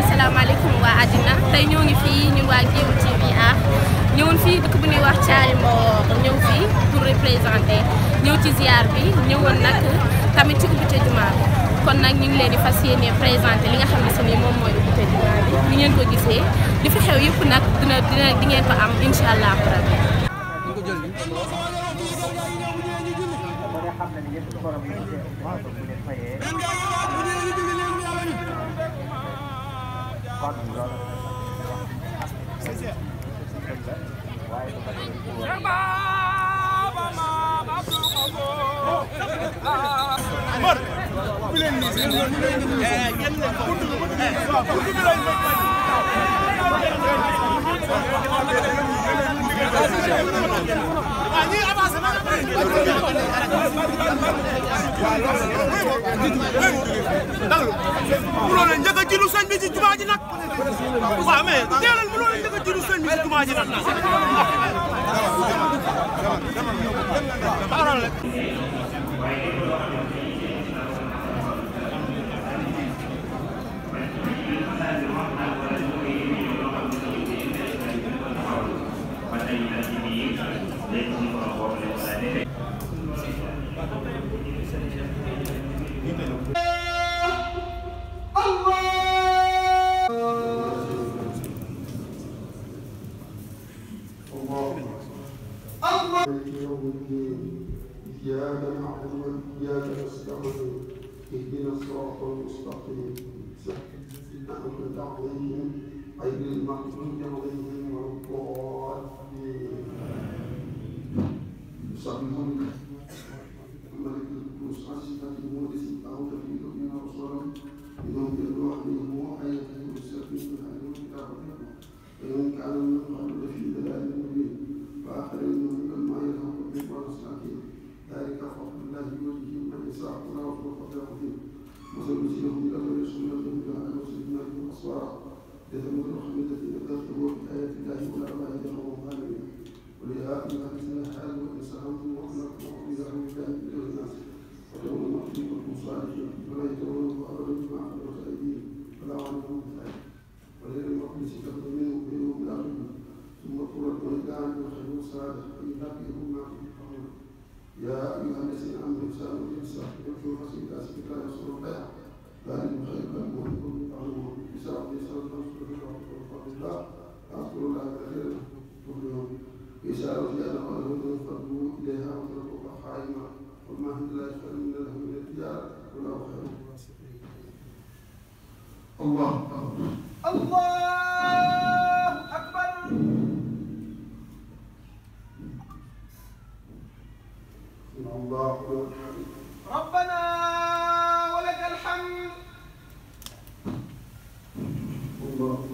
asalaamaaleykum waa àddina tey ñoo ngi fii ñun waa Gueoul TV Art ñëwoon fii dëkk bu ñuy wax Thialy Mor ñëw fii pour représenter ñëw ci ziar bi ñëwoon nag tamit ci ubbite jumaa bi kon nag ñu ngi leen di fas yéene présenter li nga xam ne si nii moom mooy ubbite jumaa bi ni ngeen ko gisee li fi xew yëpp nag dina di ngeen ko am incha allah rabbi Buranın dëgg jilu sëñ bi ci jumaa ji nag waaw mais teelal mënoo leen dëgg jilu sëñ bi ci jumaa ji nag xaaral rek Thank you. الله يوم الدين إياك نعبد وإياك نستعين اهدنا الصراط المستقيم صراط عليهم غير المغضوب عليهم ولا الضالين يسبحون ملك القدس عزيز المقدس أعوذ بك من الروح منه وآية من أهل الكتاب وإن كان من في ضلال بهما تنفعون يا ايها الذين امنوا سالوا الانسان يكفر حسيب اسبك لا يصر البيع ذلك خير لكم وانتم تعلمون بسبب يسال نفسه بفضل الله فاذكروا لها كثيرا تفلحون يسال زياده وله تنفضوا اليها وتركوها قائما وما عند الله خير من لهم من التجاره وله خير الله اكبر الله اكبر الله ربنا ولك الحمد الله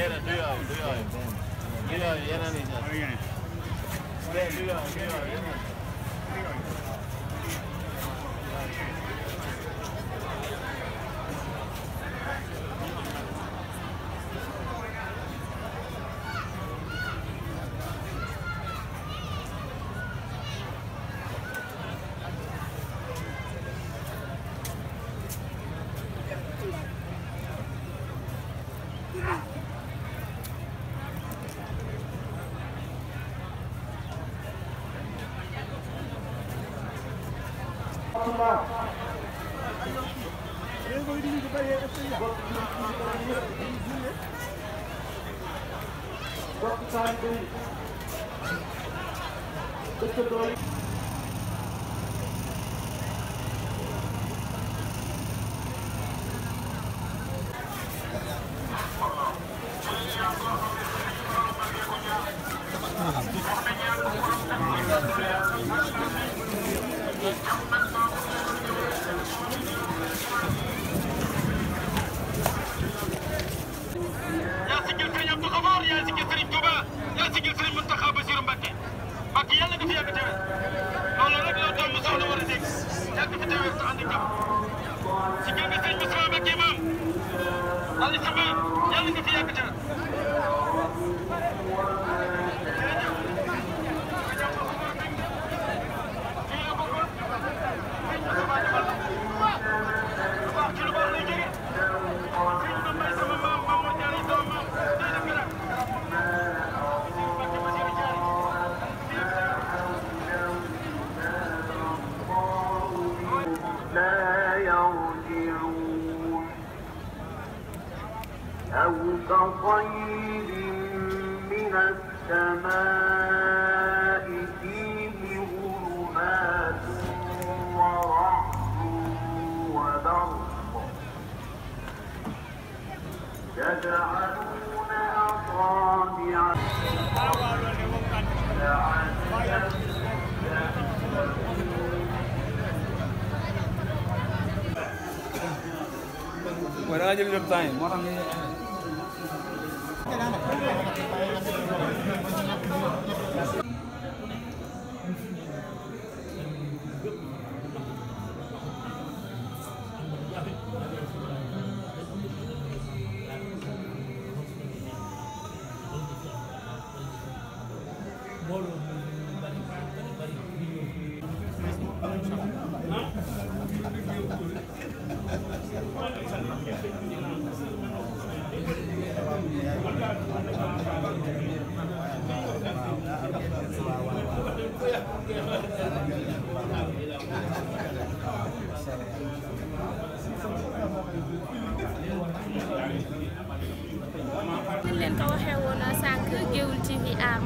Dera, duo, duo. Duo, Dera, Nisa. Duo, duo, duo. bokk taalibe yi dëkkandoo yi وطير من السماء فيه ظلمات ورعد وبرق يجعلون أصابع When are you look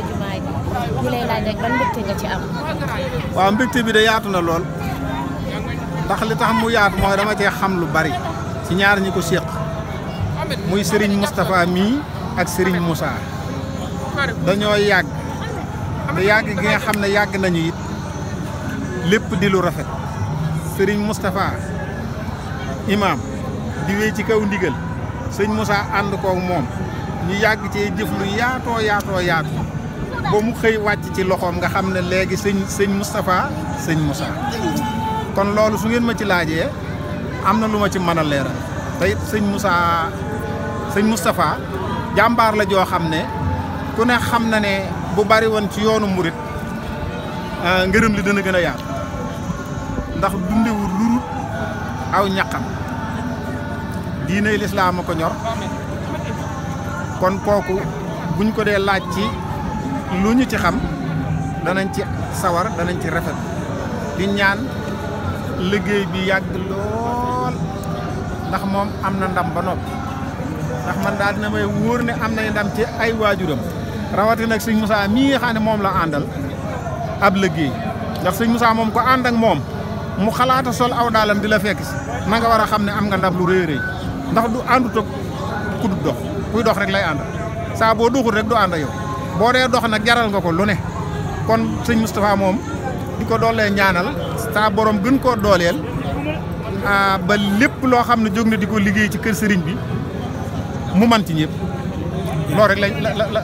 jiite jumaa waaw mbégte bi de yaatu na lool ndax li tax mu yaatu mooy dama cee xam lu bari ci ñaar ñi ko séq muy sëriñ Moustapha mii ak sëriñ Moussa dañoo yàgg te yàgg gi nga xam ne yàgg nañu it lépp di lu rafet sëriñ Moustapha imaam di ci kaw ndigal sëñ Moussa ànd koog moom ñu yàgg cee jëf lu yaatoo yaatoo yaatu ba mu xëy wàcc ci loxoom nga xam ne léegi sëñ sëñ Moustapha sëñ Moussa kon loolu su ngeen ma ci laajee am na lu ma ci mën a leeral sëñ Moussa sëñ Moustapha jàmbaar la joo xam ne ku ne xam na ne bu bari woon ci yoonu murit euh, ngërëm li dana gën a yaatu ndax dundewul lu dul aw ñaqam diiney lislaam a ko ñor kon kooku buñ ko dee laaj ci lu ñu ci xam danañ ci sawar danañ ci rafet di ñaan liggéey bi yàgg lool ndax moom am na ndam ba noppi ndax man daal dina may wóor ne am nay ndam ci ay waajuram rawati nag sëñ Moussa mii xam ne moom la àndal ab liggéey ndax sëñ Moussa moom ko ànd ak moom mu xalaata sol aw daalam di la fekk si na nga war a ne am nga ndam lu rëy rëy ndax du àndut ak ku du dox kuy dox rek lay ànd saa boo rek du ànd yow boo dee dox nag jaral nga ko lu ne kon sëñ Moustapha moom di ko doolee ñaanal saa boroom gën koo dooleel ba lépp loo xam ne jóg na di ko liggéey ci kër sëriñ bi mu man ci ñëpp loolu rek lañ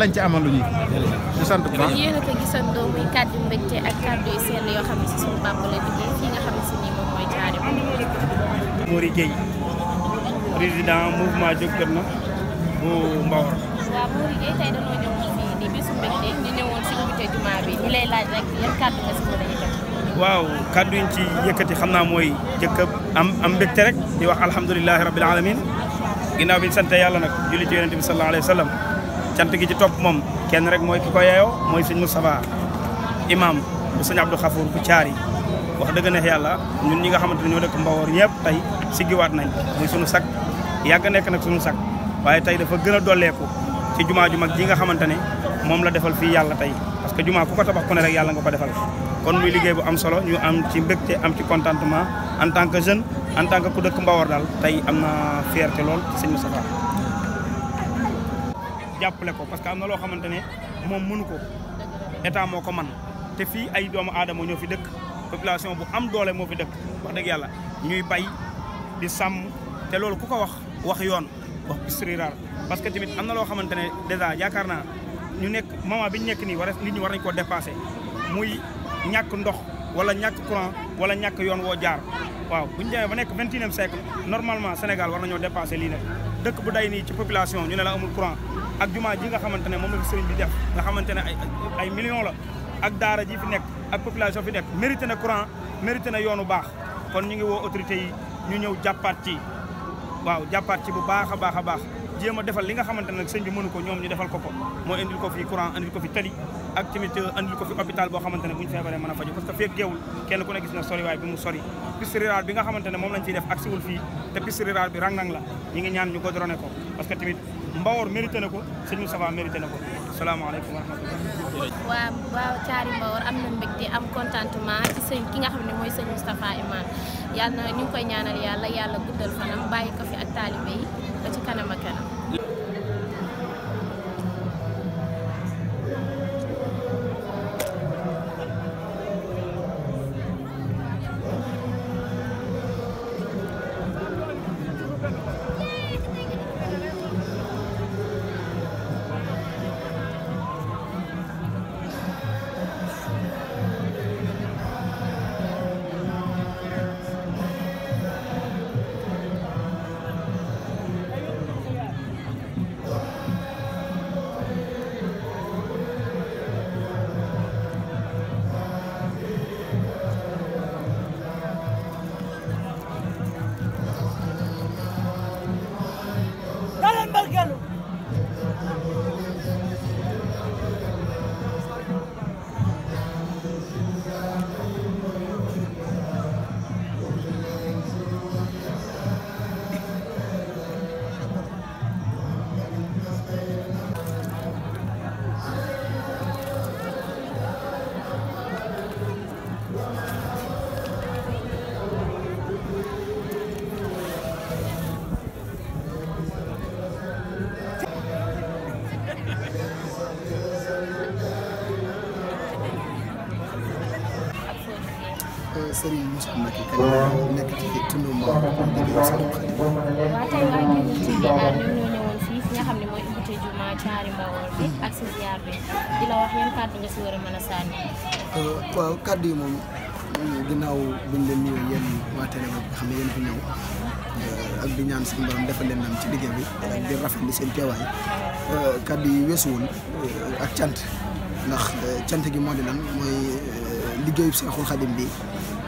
lañ ci amal lu ñuy di sant bu baax. yéen a ko gisandoo Jóg Jot na bu Mbawar. waaw ñu kàddu nga si mën waaw kàddu yi ñu ci yëkkati xam naa mooy jëkk am am mbégte rek di wax alhamdulilahi rabbil alamin ginnaaw bi ñu sant yàlla nag julli ci yonente bi sallallahu alayhi wa sallam cant gi ci topp moom kenn rek mooy ki ko yeyoo mooy sëñ Moustapha imam bu sëñ Abdou Khafour bu Thiari wax dëgg neex yàlla ñun ñi nga xamante ne ñoo dëkk Mbawor ñëpp tey siggiwaat nañ muy sunu sak yàgg nekk nag sunu sak waaye tey dafa gën a dolleeku ci jumaa ju mag ji nga xamante ne moom la defal fii yàlla tey te juma ku ko tabax ku ne rek yalla nga ko defal kon muy liggey bu am solo ñu am ci mbekté am ci contentement en tant que jeune en tant que ku dekk mbawor dal tay am fierté lool sëñ Moustapha jàppale ko parce que am lo xamantene mom mënu ko état moko man te fi ay doomu aadama ñofi dekk population bu am doole mo fi dekk wax deug yalla ñuy bay di sam te lool ku ko wax wax yoon wax bisri rar parce que tamit am lo xamantene déjà yakarna ñu nekk moment bi ñu nekk nii war nit ñi war nañ koo dépassé muy ñàkk ndox wala ñàkk courant wala ñàkk yoon woo jaar waaw bu ñu demee ba nekk vingt et unième Sénégal war nañoo dépassé lii nag dëkk bu day ni ci population ñu ne amul courant ak jumaa ji nga xamante ne moom la fi sëriñ bi def nga xamante ne ay ay la ak daara ji fi nekk ak population fi nekk mérité na courant mérité na yoonu baax kon ñu ngi woo autorité yi ñu ñëw jàppaat ci waaw jàppaat ci bu baax a baax a baax jéem a defal li nga xamante nag sëñ bi mënu ko ñoom ñu defal ko ko mooy indil ko fi courant indil ko fi tali ak tamit euh, indil ko fi hôpital boo xamante ne bu ñu feebaree mën a faju parce que feeg geewul kenn ku ne gis na sori waay bi mu sori piste rurale bi nga xamante moom lañ ciy def ak siwul fii te piste rurale bi rang ñi ngi ñaan ñu godrone ko parce que tamit Mbawor mérité ko sëñ Moustapha mérité na ko salaamaaleykum wa rahmatulah waaw waaw caari Mbawor am na mbégte am contentement ci sëriñ Moussa Mbacké kan nekk ci tund moom liggéey sëriñ Xaadim waaw tey waa Guelel TV daal ñu ñëwoon fii fi nga xam ne mooy ubbite juma caari Mbawol bi ak si ziar bi di la wax yan kàddu nga si war a mën a sànni euh, waaw kàddu yi moom ginnaaw buñ leen nuyoo yéen waa télé bi nga xam ne yéen fi ñëw euh, ak di ñaan suñu borom defal leen nam ci liggéey bi ak di rafetlu seen teewaay euh, kàddu yi weesuwul ak cant ndax cant gi moo di lan mooy liggéeyu Seexul Xaadim bi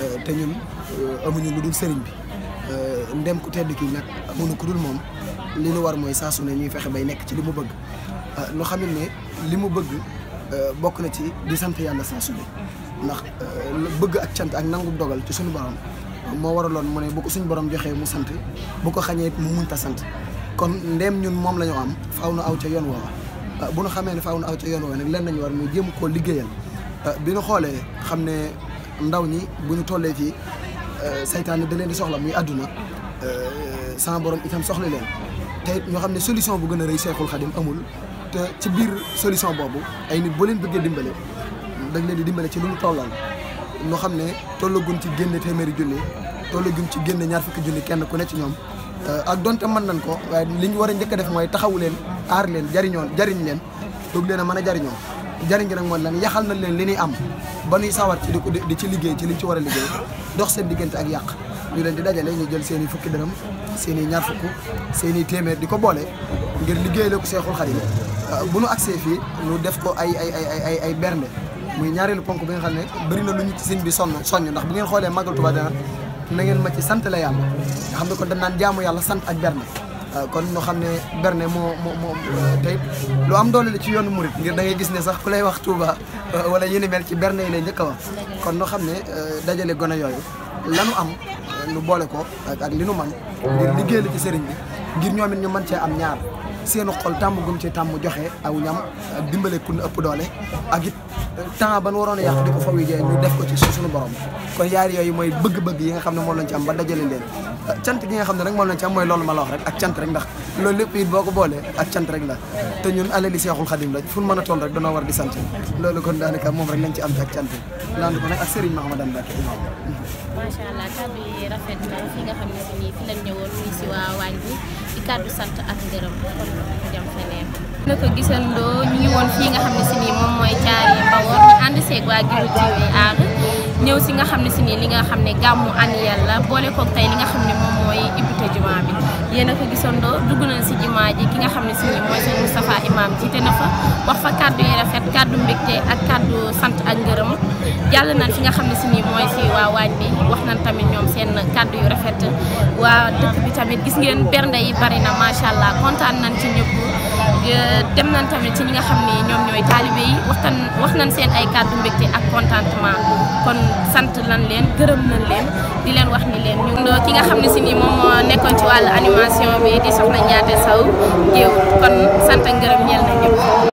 Euh, te ñun euh, amuñu lu dul sëriñ bi euh, ndem ku tedd ki nag amuñu ku dul moom li nu war mooy saa su ne ñuy fexe bay nekk ci li mu bëgg nu xamit ne li mu bëgg bokk na ci di sant yàlla saa su ne ndax bëgg ak cant ak nangu dogal ci suñu borom moo waraloon mu ne bu ko suñu joxee mu sant bu ko xañee mu munta sant kon ndem ñun moom la am faw na aw ca yoon woowa bu nu xamee ne faaw na aw ca yoon woowa nag leen nañu war muy jéem koo liggéeyal bi nu xoolee xam ne ndaw ñi bu ñu tollee fii euh, saytaane da leen di soxla muy àdduna euh, san borom itam soxla leen te it ñoo xam ne solution bu gën a rëy Seexul Xadim amul te ci biir solution boobu ay nit boo leen bëggee dimbale dañ leen di dimbale ci lu mu tollal ñoo xam ne tollaguñ ci génne téeméeri junni gun ci génne ñaar fukki junni kenn ku ne ci ñoom euh, ak donte mën nañ ko waaye li ñu war a njëkk a def mooy taxawu leen aar leen jariñoon jariñ leen doog leen a mën a jariñoo jariñ gi nag mooy lan yaxal na leen li ñuy am ba ñuy sawar ci di ci liggéey ci liñ ci war a liggéey dox seen diggante ak yàq ñu leen di dajale ñu jël seen fukki dërëm seen i ñaar fukk seen i téeméer di ko boole ngir liggéey la ko Seexul Xadiim euh, bu nu agsee fii ñu def ko ay ay ay ay ay bernde muy ñaareelu ponk bi nga xam ne bëri na lu ñu ci sëñ bi sonn soññ ndax bu ngeen xoolee Màggal Tuubaa dana na ngeen ma ci sant la yàlla nga xam ne ko dañ naan jaamu yàlla sant ak bernde Euh, kon ñu xam ne berne moo moo moo euh, tey lu am doole la ci yoonu murit ngir da ngay gis ne sax ku lay wax Touba euh, wala yéen mel ci berne yi lay njëkk a wax kon ñu xam ne dajale gone yooyu lanu am nu boole ko ak li nu man ngir liggéey la ci sëriñ bi ngir ñoom it ñu mën cee am ñaar seenu xol tàmm gum ci tàmm joxe aw ñam ak dimbale kun ëpp doole ak temps ban waroon a yàq di ko fawi jee ñu def ko ci suñu borom kon yaari yooyu mooy bëgg-bëgg yi nga xam ne moom lañ am ba dajale leen euh, cant gi nga xam ne rek moom loolu ma la wax rek ak cant rek ndax loolu lépp it boo ko boolee ak cant rek la te ñun alali Seexul Xadim la fu mën a toll rek danoo war di sant loolu kon daanaka moom rek lañ ci am ak cant naan ak Serigne Mahamadan Mbacke imam macha allah kàddu nii fi lañ sant ak ngërëm na ko gisandoo ñu ngi woon fii nga xam ne si nii moom mooy caari Bawol ànd seeg waa Guiru TV aar ñëw si nga xam ne si nii li nga xam ne gàmmu annuel la boole koog tey li nga xam dugg nañ si jumaa ji ki nga xam ne si nii mooy si Moustapha Imam jiite na fa wax fa kàddu yi rafet kàddu mbégte ak kàddu sant ak ngërëm jàll na fi nga xam ne si nii mooy si waa waañ bi wax nañ tamit ñoom seen kàddu yu rafet waa dëkk bi tamit gis ngeen bernde yi bari na macha allah kontaan nañ ci ñëpp Euh, dem nañ tamit ci ñi nga xam ne ñoom ñooy taalibe yi wax nañ seen ay kàddu mbégte ak contentement kon sant nañ leen gërëm nañ leen di leen wax ni leen ñu ki nga xam ne si ni moom moo nekkoon ci wàllu animation bi di soxna ñaate saw géew kon sant ak gërëm ñeel